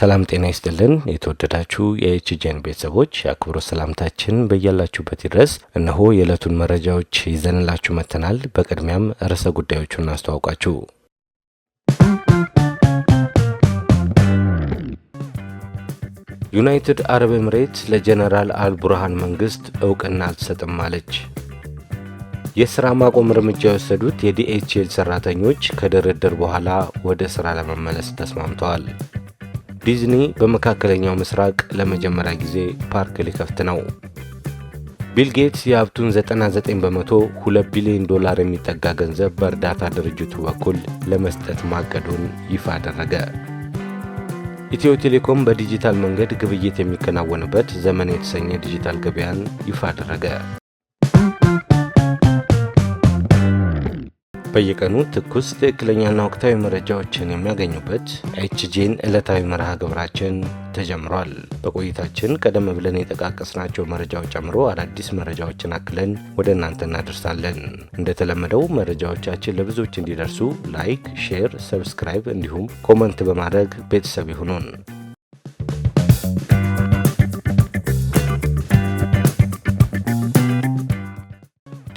ሰላም ጤና ይስጥልን። የተወደዳችሁ የኤችጄን ቤተሰቦች አክብሮ ሰላምታችን በያላችሁበት ድረስ እነሆ የዕለቱን መረጃዎች ይዘንላችሁ መጥተናል። በቅድሚያም ርዕሰ ጉዳዮቹን አስተዋውቃችሁ። ዩናይትድ አረብ ምሬት ለጀነራል አልቡርሃን መንግሥት ዕውቅና አልሰጥም አለች። የሥራ ማቆም እርምጃ የወሰዱት የዲኤችኤል ሠራተኞች ከድርድር በኋላ ወደ ሥራ ለመመለስ ተስማምተዋል። ዲዝኒ በመካከለኛው ምስራቅ ለመጀመሪያ ጊዜ ፓርክ ሊከፍት ነው። ቢል ጌትስ የሀብቱን 99 በመቶ 2 ቢሊዮን ዶላር የሚጠጋ ገንዘብ በእርዳታ ድርጅቱ በኩል ለመስጠት ማቀዱን ይፋ አደረገ። ኢትዮ ቴሌኮም በዲጂታል መንገድ ግብይት የሚከናወንበት ዘመን የተሰኘ ዲጂታል ገበያን ይፋ አደረገ። በየቀኑ ትኩስ ትክክለኛና ወቅታዊ መረጃዎችን የሚያገኙበት ኤችጂን ዕለታዊ መርሃ ግብራችን ተጀምሯል። በቆይታችን ቀደም ብለን የጠቃቀስናቸው መረጃዎች ጨምሮ አዳዲስ መረጃዎችን አክለን ወደ እናንተ እናደርሳለን። እንደተለመደው መረጃዎቻችን ለብዙዎች እንዲደርሱ ላይክ፣ ሼር፣ ሰብስክራይብ እንዲሁም ኮመንት በማድረግ ቤተሰብ ይሁኑን።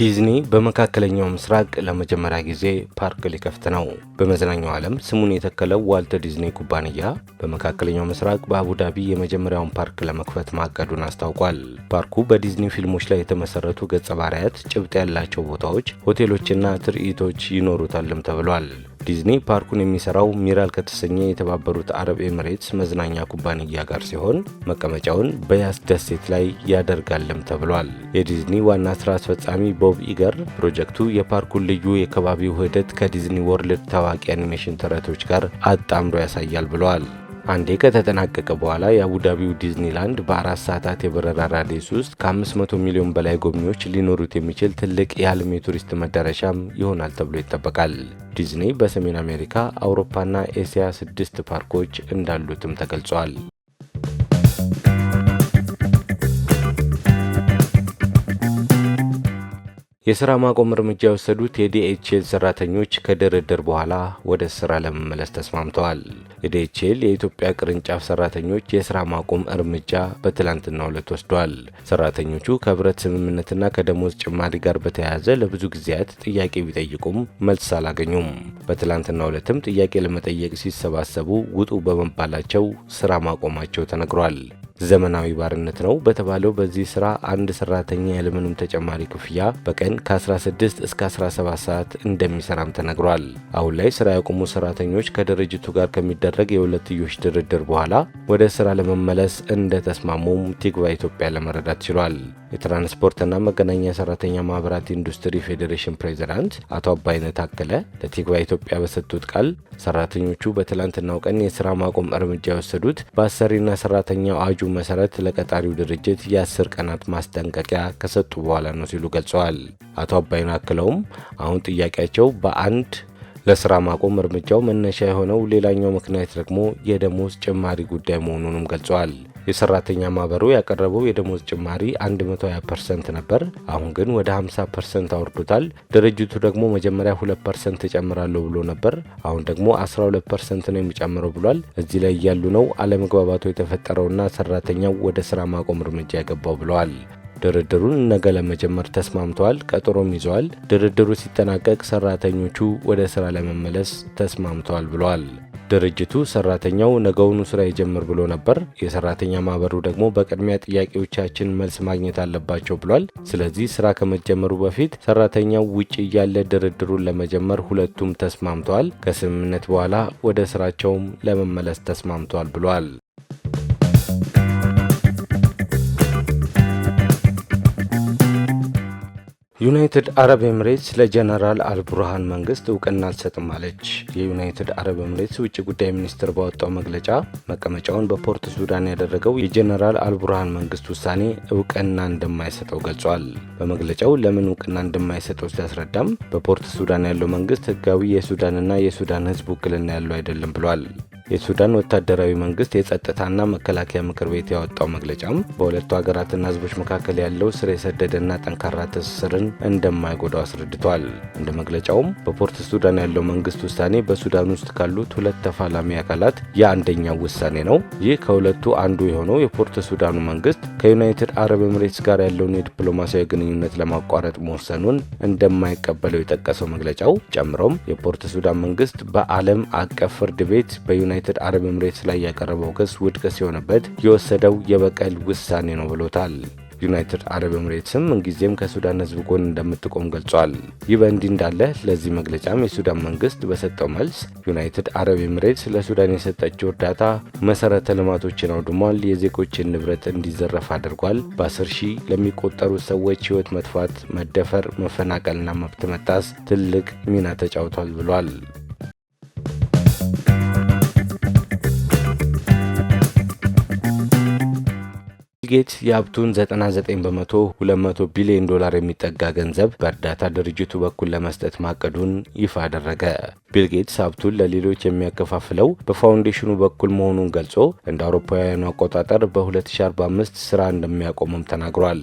ዲዝኒ በመካከለኛው ምስራቅ ለመጀመሪያ ጊዜ ፓርክ ሊከፍት ነው። በመዝናኛው ዓለም ስሙን የተከለው ዋልት ዲዝኒ ኩባንያ በመካከለኛው ምስራቅ በአቡዳቢ የመጀመሪያውን ፓርክ ለመክፈት ማቀዱን አስታውቋል። ፓርኩ በዲዝኒ ፊልሞች ላይ የተመሰረቱ ገጸ ባህሪያት፣ ጭብጥ ያላቸው ቦታዎች፣ ሆቴሎችና ትርኢቶች ይኖሩታልም ተብሏል። ዲዝኒ ፓርኩን የሚሰራው ሚራል ከተሰኘ የተባበሩት አረብ ኤምሬትስ መዝናኛ ኩባንያ ጋር ሲሆን መቀመጫውን በያስ ደሴት ላይ ያደርጋልም ተብሏል። የዲዝኒ ዋና ስራ አስፈጻሚ ቦብ ኢገር ፕሮጀክቱ የፓርኩን ልዩ የከባቢ ውህደት ከዲዝኒ ወርልድ ታዋቂ አኒሜሽን ተረቶች ጋር አጣምሮ ያሳያል ብለዋል። አንዴ ከተጠናቀቀ በኋላ የአቡዳቢው ዲዝኒላንድ በአራት ሰዓታት የበረራ ራዲየስ ውስጥ ከ500 ሚሊዮን በላይ ጎብኚዎች ሊኖሩት የሚችል ትልቅ የዓለም የቱሪስት መዳረሻም ይሆናል ተብሎ ይጠበቃል። ዲዝኒ በሰሜን አሜሪካ፣ አውሮፓና ኤስያ ስድስት ፓርኮች እንዳሉትም ተገልጿል። የሥራ ማቆም እርምጃ የወሰዱት የዲኤችኤል ሰራተኞች ከድርድር በኋላ ወደ ስራ ለመመለስ ተስማምተዋል። የዲኤችኤል የኢትዮጵያ ቅርንጫፍ ሰራተኞች የሥራ ማቆም እርምጃ በትላንትናው ዕለት ወስዷል። ሠራተኞቹ ከህብረት ስምምነትና ከደሞዝ ጭማሪ ጋር በተያያዘ ለብዙ ጊዜያት ጥያቄ ቢጠይቁም መልስ አላገኙም። በትላንትናው ዕለትም ጥያቄ ለመጠየቅ ሲሰባሰቡ ውጡ በመባላቸው ሥራ ማቆማቸው ተነግሯል። ዘመናዊ ባርነት ነው በተባለው በዚህ ስራ አንድ ሰራተኛ ያለምንም ተጨማሪ ክፍያ በቀን ከ16 እስከ 17 ሰዓት እንደሚሰራም ተነግሯል። አሁን ላይ ስራ ያቆሙ ሰራተኞች ከድርጅቱ ጋር ከሚደረግ የሁለትዮሽ ድርድር በኋላ ወደ ስራ ለመመለስ እንደተስማሙም ቲግቫ ኢትዮጵያ ለመረዳት ችሏል። የትራንስፖርትና መገናኛ ሰራተኛ ማህበራት ኢንዱስትሪ ፌዴሬሽን ፕሬዚዳንት አቶ አባይነት ታከለ ለቲግባ ኢትዮጵያ በሰጡት ቃል ሰራተኞቹ በትላንትናው ቀን የስራ ማቆም እርምጃ የወሰዱት በአሰሪና ሰራተኛው አዋጁ መሰረት ለቀጣሪው ድርጅት የአስር ቀናት ማስጠንቀቂያ ከሰጡ በኋላ ነው ሲሉ ገልጸዋል። አቶ አባይነት አክለውም አሁን ጥያቄያቸው በአንድ ለስራ ማቆም እርምጃው መነሻ የሆነው ሌላኛው ምክንያት ደግሞ የደሞዝ ጭማሪ ጉዳይ መሆኑንም ገልጸዋል። የሰራተኛ ማህበሩ ያቀረበው የደሞዝ ጭማሪ 120 ፐርሰንት ነበር። አሁን ግን ወደ 50 ፐርሰንት አውርዶታል። ድርጅቱ ደግሞ መጀመሪያ 2 ፐርሰንት እጨምራለሁ ብሎ ነበር። አሁን ደግሞ 12 ፐርሰንት ነው የሚጨምረው ብሏል። እዚህ ላይ እያሉ ነው አለመግባባቱ የተፈጠረውና ሰራተኛው ወደ ስራ ማቆም እርምጃ የገባው ብለዋል። ድርድሩን ነገ ለመጀመር ተስማምተዋል። ቀጠሮም ይዘዋል። ድርድሩ ሲጠናቀቅ ሰራተኞቹ ወደ ስራ ለመመለስ ተስማምተዋል ብለዋል። ድርጅቱ ሰራተኛው ነገውኑ ስራ ይጀምር ብሎ ነበር። የሰራተኛ ማህበሩ ደግሞ በቅድሚያ ጥያቄዎቻችን መልስ ማግኘት አለባቸው ብሏል። ስለዚህ ስራ ከመጀመሩ በፊት ሰራተኛው ውጭ እያለ ድርድሩን ለመጀመር ሁለቱም ተስማምተዋል። ከስምምነት በኋላ ወደ ስራቸውም ለመመለስ ተስማምተዋል ብሏል። ዩናይትድ አረብ ኤምሬትስ ለጀነራል አልቡርሃን መንግስት እውቅና አልሰጥም አለች። የዩናይትድ አረብ ኤምሬትስ ውጭ ጉዳይ ሚኒስትር ባወጣው መግለጫ መቀመጫውን በፖርት ሱዳን ያደረገው የጀነራል አልቡርሃን መንግስት ውሳኔ እውቅና እንደማይሰጠው ገልጿል። በመግለጫው ለምን እውቅና እንደማይሰጠው ሲያስረዳም በፖርት ሱዳን ያለው መንግስት ህጋዊ የሱዳንና የሱዳን ህዝብ ውክልና ያለው አይደለም ብሏል። የሱዳን ወታደራዊ መንግስት የጸጥታና መከላከያ ምክር ቤት ያወጣው መግለጫም በሁለቱ ሀገራትና ህዝቦች መካከል ያለው ስር የሰደደና ጠንካራ ትስስርን እንደማይጎዳው አስረድቷል። እንደ መግለጫውም በፖርት ሱዳን ያለው መንግስት ውሳኔ በሱዳን ውስጥ ካሉት ሁለት ተፋላሚ አካላት የአንደኛው ውሳኔ ነው። ይህ ከሁለቱ አንዱ የሆነው የፖርት ሱዳኑ መንግስት ከዩናይትድ አረብ ኤምሬትስ ጋር ያለውን የዲፕሎማሲያዊ ግንኙነት ለማቋረጥ መወሰኑን እንደማይቀበለው የጠቀሰው መግለጫው ጨምሮም የፖርት ሱዳን መንግስት በዓለም አቀፍ ፍርድ ቤት በዩናይ ዩናይትድ አረብ ኤምሬትስ ላይ ያቀረበው ክስ ውድቅ ሲሆንበት የወሰደው የበቀል ውሳኔ ነው ብሎታል። ዩናይትድ አረብ ኤምሬትስም ምንጊዜም ከሱዳን ህዝብ ጎን እንደምትቆም ገልጿል። ይህ በእንዲህ እንዳለ ለዚህ መግለጫም የሱዳን መንግስት በሰጠው መልስ ዩናይትድ አረብ ኤምሬትስ ለሱዳን የሰጠችው እርዳታ መሰረተ ልማቶችን አውድሟል፣ የዜጎችን ንብረት እንዲዘረፍ አድርጓል፣ በአስር ሺህ ለሚቆጠሩ ሰዎች ህይወት መጥፋት፣ መደፈር፣ መፈናቀልና መብት መጣስ ትልቅ ሚና ተጫውቷል ብሏል። ጌትስ የሀብቱን 99 በመቶ 200 ቢሊዮን ዶላር የሚጠጋ ገንዘብ በእርዳታ ድርጅቱ በኩል ለመስጠት ማቀዱን ይፋ አደረገ። ቢልጌትስ ሀብቱን ለሌሎች የሚያከፋፍለው በፋውንዴሽኑ በኩል መሆኑን ገልጾ እንደ አውሮፓውያኑ አቆጣጠር በ2045 ስራ እንደሚያቆምም ተናግሯል።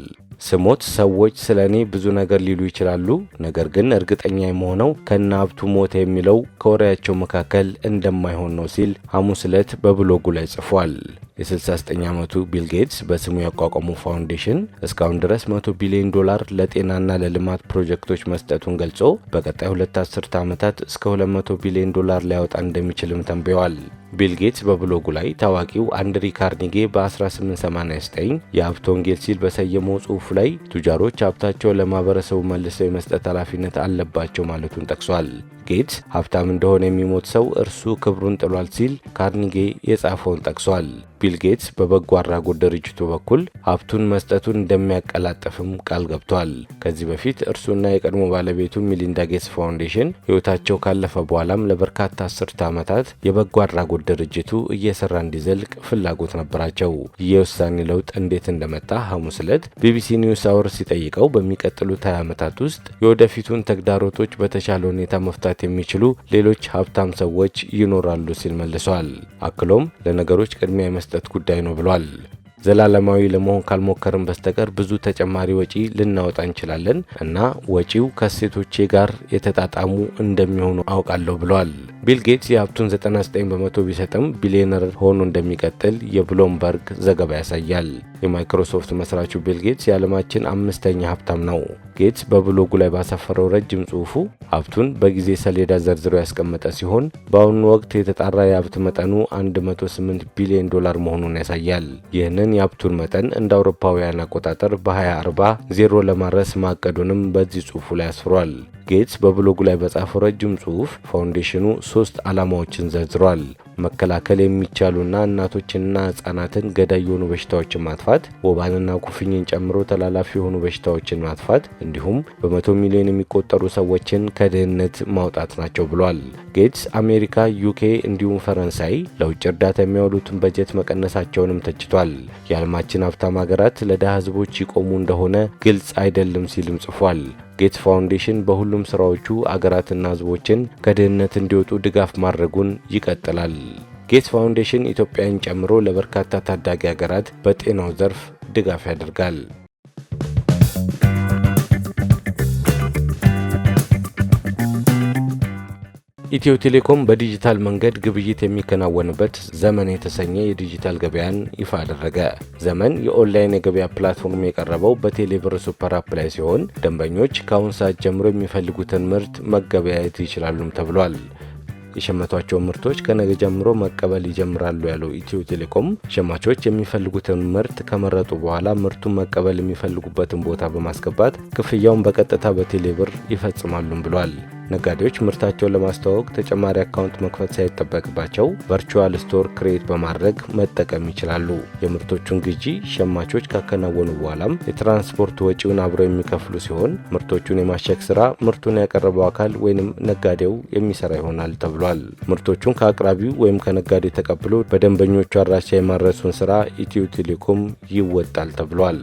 ስሞት ሰዎች ስለ እኔ ብዙ ነገር ሊሉ ይችላሉ፣ ነገር ግን እርግጠኛ የመሆነው ከነ ሀብቱ ሞተ የሚለው ከወሬያቸው መካከል እንደማይሆን ነው ሲል ሐሙስ ዕለት በብሎጉ ላይ ጽፏል። የ69 ዓመቱ ቢል ጌትስ በስሙ ያቋቋሙ ፋውንዴሽን እስካሁን ድረስ 100 ቢሊዮን ዶላር ለጤናና ለልማት ፕሮጀክቶች መስጠቱን ገልጾ በቀጣይ ሁለት አስርተ ዓመታት እስከ 200 ቢሊዮን ዶላር ሊያወጣ እንደሚችልም ተንብየዋል። ቢል ጌትስ በብሎጉ ላይ ታዋቂው አንድሪ ካርኒጌ በ1889 የሀብት ወንጌል ሲል በሰየመው ጽሑፍ ላይ ቱጃሮች ሀብታቸው ለማህበረሰቡ መልሰው የመስጠት ኃላፊነት አለባቸው ማለቱን ጠቅሷል። ጌትስ ሀብታም እንደሆነ የሚሞት ሰው እርሱ ክብሩን ጥሏል ሲል ካርኒጌ የጻፈውን ጠቅሷል። ቢል ጌትስ በበጎ አድራጎት ድርጅቱ በኩል ሀብቱን መስጠቱን እንደሚያቀላጥፍም ቃል ገብቷል። ከዚህ በፊት እርሱና የቀድሞ ባለቤቱ ሚሊንዳ ጌትስ ፋውንዴሽን ሕይወታቸው ካለፈ በኋላም ለበርካታ አስርተ ዓመታት የበጎ አድራጎት ድርጅቱ እየሰራ እንዲዘልቅ ፍላጎት ነበራቸው። ይህ የውሳኔ ለውጥ እንዴት እንደመጣ ሐሙስ ዕለት ቢቢሲ ኒውስ አወር ሲጠይቀው በሚቀጥሉት 20 ዓመታት ውስጥ የወደፊቱን ተግዳሮቶች በተሻለ ሁኔታ መፍታት መርዳት የሚችሉ ሌሎች ሀብታም ሰዎች ይኖራሉ ሲል መልሷል። አክሎም ለነገሮች ቅድሚያ የመስጠት ጉዳይ ነው ብሏል። ዘላለማዊ ለመሆን ካልሞከርን በስተቀር ብዙ ተጨማሪ ወጪ ልናወጣ እንችላለን እና ወጪው ከሴቶቼ ጋር የተጣጣሙ እንደሚሆኑ አውቃለሁ ብለዋል። ቢል ጌትስ የሀብቱን 99 በመቶ ቢሰጥም ቢሊዮነር ሆኖ እንደሚቀጥል የብሎምበርግ ዘገባ ያሳያል። የማይክሮሶፍት መስራቹ ቢል ጌትስ የዓለማችን አምስተኛ ሀብታም ነው። ጌትስ በብሎጉ ላይ ባሰፈረው ረጅም ጽሑፉ ሀብቱን በጊዜ ሰሌዳ ዘርዝሮ ያስቀመጠ ሲሆን በአሁኑ ወቅት የተጣራ የሀብት መጠኑ 108 ቢሊዮን ዶላር መሆኑን ያሳያል። ይህንን የጣሊያንን የሀብቱን መጠን እንደ አውሮፓውያን አቆጣጠር በ2040 ዜሮ ለማድረስ ማቀዱንም በዚህ ጽሑፉ ላይ አስፍሯል። ጌትስ በብሎጉ ላይ በጻፈው ረጅም ጽሑፍ ፋውንዴሽኑ ሶስት ዓላማዎችን ዘርዝሯል። መከላከል የሚቻሉና እናቶችንና ህጻናትን ገዳይ የሆኑ በሽታዎችን ማጥፋት፣ ወባንና ኩፍኝን ጨምሮ ተላላፊ የሆኑ በሽታዎችን ማጥፋት እንዲሁም በመቶ ሚሊዮን የሚቆጠሩ ሰዎችን ከድህነት ማውጣት ናቸው ብሏል። ጌትስ አሜሪካ፣ ዩኬ እንዲሁም ፈረንሳይ ለውጭ እርዳታ የሚያውሉትን በጀት መቀነሳቸውንም ተችቷል። የዓለማችን ሀብታም ሀገራት ለድሃ ህዝቦች ይቆሙ እንደሆነ ግልጽ አይደለም ሲልም ጽፏል። ጌትስ ፋውንዴሽን በሁሉም ስራዎቹ አገራትና ህዝቦችን ከድህነት እንዲወጡ ድጋፍ ማድረጉን ይቀጥላል። ጌትስ ፋውንዴሽን ኢትዮጵያን ጨምሮ ለበርካታ ታዳጊ ሀገራት በጤናው ዘርፍ ድጋፍ ያደርጋል። ኢትዮ ቴሌኮም በዲጂታል መንገድ ግብይት የሚከናወንበት ዘመን የተሰኘ የዲጂታል ገበያን ይፋ አደረገ። ዘመን የኦንላይን የገበያ ፕላትፎርም የቀረበው በቴሌብር ሱፐር አፕ ላይ ሲሆን ደንበኞች ከአሁን ሰዓት ጀምሮ የሚፈልጉትን ምርት መገበያየት ይችላሉም ተብሏል። የሸመቷቸው ምርቶች ከነገ ጀምሮ መቀበል ይጀምራሉ ያለው ኢትዮ ቴሌኮም ሸማቾች የሚፈልጉትን ምርት ከመረጡ በኋላ ምርቱን መቀበል የሚፈልጉበትን ቦታ በማስገባት ክፍያውን በቀጥታ በቴሌብር ይፈጽማሉም ብሏል። ነጋዴዎች ምርታቸውን ለማስተዋወቅ ተጨማሪ አካውንት መክፈት ሳይጠበቅባቸው ቨርቹዋል ስቶር ክሬት በማድረግ መጠቀም ይችላሉ። የምርቶቹን ግዢ ሸማቾች ካከናወኑ በኋላም የትራንስፖርት ወጪውን አብረው የሚከፍሉ ሲሆን ምርቶቹን የማሸግ ስራ ምርቱን ያቀረበው አካል ወይም ነጋዴው የሚሰራ ይሆናል ተብሏል። ምርቶቹን ከአቅራቢው ወይም ከነጋዴ ተቀብሎ በደንበኞቹ አድራሻ የማድረሱን ስራ ኢትዮ ቴሌኮም ይወጣል ተብሏል።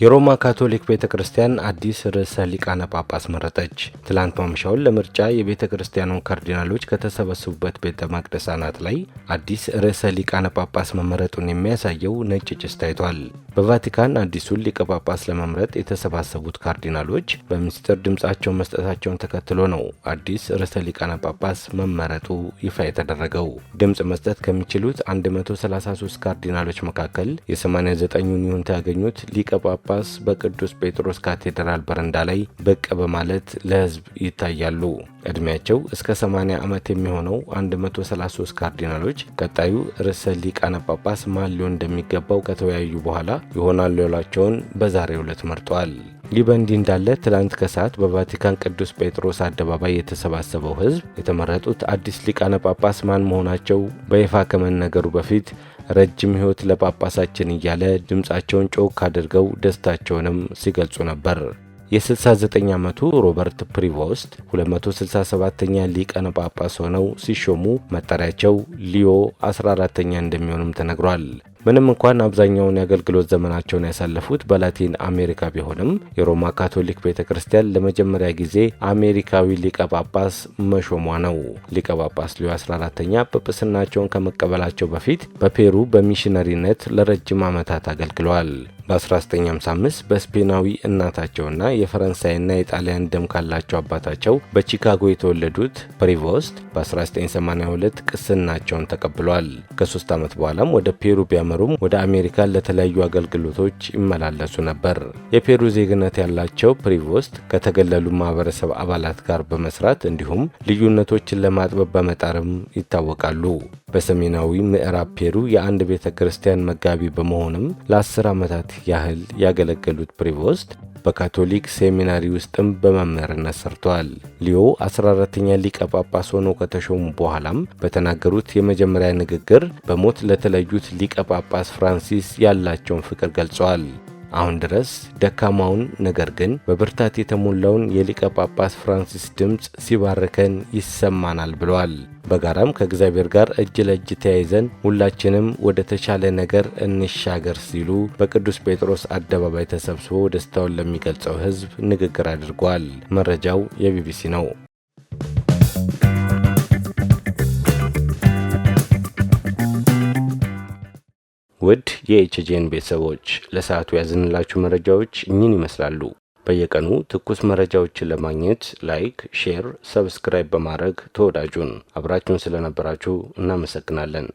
የሮማ ካቶሊክ ቤተ ክርስቲያን አዲስ ርዕሰ ሊቃነ ጳጳስ መረጠች። ትላንት ማምሻውን ለምርጫ የቤተ ክርስቲያኑ ካርዲናሎች ከተሰበሰቡበት ቤተ መቅደስ አናት ላይ አዲስ ርዕሰ ሊቃነ ጳጳስ መመረጡን የሚያሳየው ነጭ ጭስ ታይቷል። በቫቲካን አዲሱን ሊቀ ጳጳስ ለመምረጥ የተሰባሰቡት ካርዲናሎች በምስጢር ድምፃቸው መስጠታቸውን ተከትሎ ነው አዲስ ርዕሰ ሊቃነ ጳጳስ መመረጡ ይፋ የተደረገው። ድምፅ መስጠት ከሚችሉት 133 ካርዲናሎች መካከል የ89ኙን ይሁንታ ያገኙት ሊቀ ጳጳስ በቅዱስ ጴጥሮስ ካቴድራል በረንዳ ላይ ብቅ በማለት ለሕዝብ ይታያሉ። ዕድሜያቸው እስከ 80 ዓመት የሚሆነው 133 ካርዲናሎች ቀጣዩ ርዕሰ ሊቃነ ጳጳስ ማን ሊሆን እንደሚገባው ከተወያዩ በኋላ ይሆናሉ ያሏቸውን በዛሬው ዕለት መርጧል። ይህ በእንዲህ እንዳለ ትላንት ከሰዓት በቫቲካን ቅዱስ ጴጥሮስ አደባባይ የተሰባሰበው ሕዝብ የተመረጡት አዲስ ሊቃነ ጳጳስ ማን መሆናቸው በይፋ ከመነገሩ በፊት ረጅም ሕይወት ለጳጳሳችን እያለ ድምፃቸውን ጮክ አድርገው ደስታቸውንም ሲገልጹ ነበር። የ69 ዓመቱ ሮበርት ፕሪቮስት 267ኛ ሊቀነ ጳጳስ ሆነው ሲሾሙ መጠሪያቸው ሊዮ 14 ተኛ እንደሚሆንም ተነግሯል። ምንም እንኳን አብዛኛውን የአገልግሎት ዘመናቸውን ያሳለፉት በላቲን አሜሪካ ቢሆንም የሮማ ካቶሊክ ቤተ ክርስቲያን ለመጀመሪያ ጊዜ አሜሪካዊ ሊቀ ጳጳስ መሾሟ ነው። ሊቀ ጳጳስ ሊዮ 14ተኛ ጵጵስናቸውን ከመቀበላቸው በፊት በፔሩ በሚሽነሪነት ለረጅም ዓመታት አገልግለዋል። በ1955 በስፔናዊ እናታቸውና የፈረንሳይና የጣሊያን ደም ካላቸው አባታቸው በቺካጎ የተወለዱት ፕሪቮስት በ1982 ቅስናቸውን ተቀብሏል። ከሶስት ዓመት በኋላም ወደ ፔሩ ቢያመሩም ወደ አሜሪካ ለተለያዩ አገልግሎቶች ይመላለሱ ነበር። የፔሩ ዜግነት ያላቸው ፕሪቮስት ከተገለሉ ማህበረሰብ አባላት ጋር በመስራት እንዲሁም ልዩነቶችን ለማጥበብ በመጣርም ይታወቃሉ። በሰሜናዊ ምዕራብ ፔሩ የአንድ ቤተ ክርስቲያን መጋቢ በመሆንም ለአስር ዓመታት ያህል ያገለገሉት ፕሪቮስት በካቶሊክ ሴሚናሪ ውስጥም በመምህርነት ሰርተዋል። ሊዮ 14ተኛ ሊቀ ጳጳስ ሆነው ከተሾሙ በኋላም በተናገሩት የመጀመሪያ ንግግር በሞት ለተለዩት ሊቀ ጳጳስ ፍራንሲስ ያላቸውን ፍቅር ገልጸዋል። አሁን ድረስ ደካማውን ነገር ግን በብርታት የተሞላውን የሊቀ ጳጳስ ፍራንሲስ ድምፅ ሲባርከን ይሰማናል ብለዋል። በጋራም ከእግዚአብሔር ጋር እጅ ለእጅ ተያይዘን ሁላችንም ወደ ተሻለ ነገር እንሻገር ሲሉ በቅዱስ ጴጥሮስ አደባባይ ተሰብስቦ ደስታውን ለሚገልጸው ሕዝብ ንግግር አድርጓል። መረጃው የቢቢሲ ነው። ውድ የኤችጄን ቤተሰቦች ለሰዓቱ ያዝንላችሁ መረጃዎች እኚህን ይመስላሉ። በየቀኑ ትኩስ መረጃዎችን ለማግኘት ላይክ፣ ሼር፣ ሰብስክራይብ በማድረግ ተወዳጁን አብራችሁን ስለነበራችሁ እናመሰግናለን።